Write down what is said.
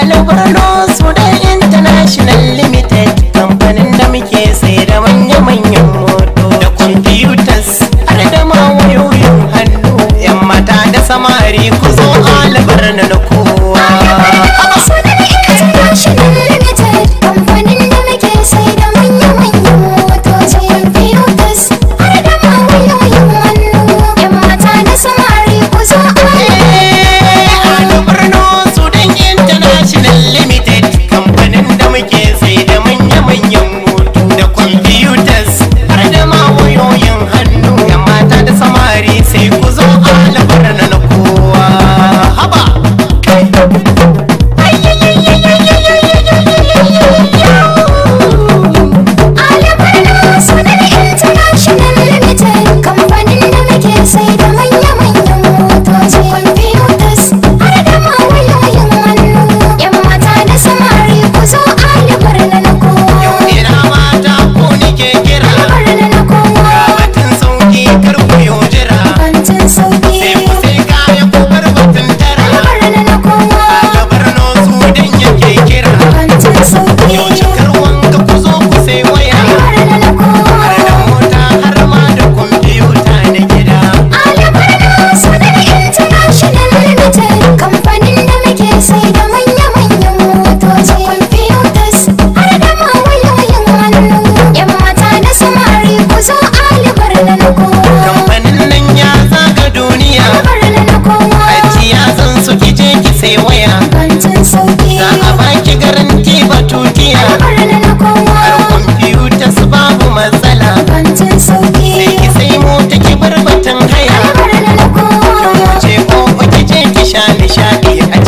Ali Borno Sudan International Limited kamfanin da muke sai da manya-manyan moto da computers har da ma wayoyin hannu 'yan mata da samari yeah.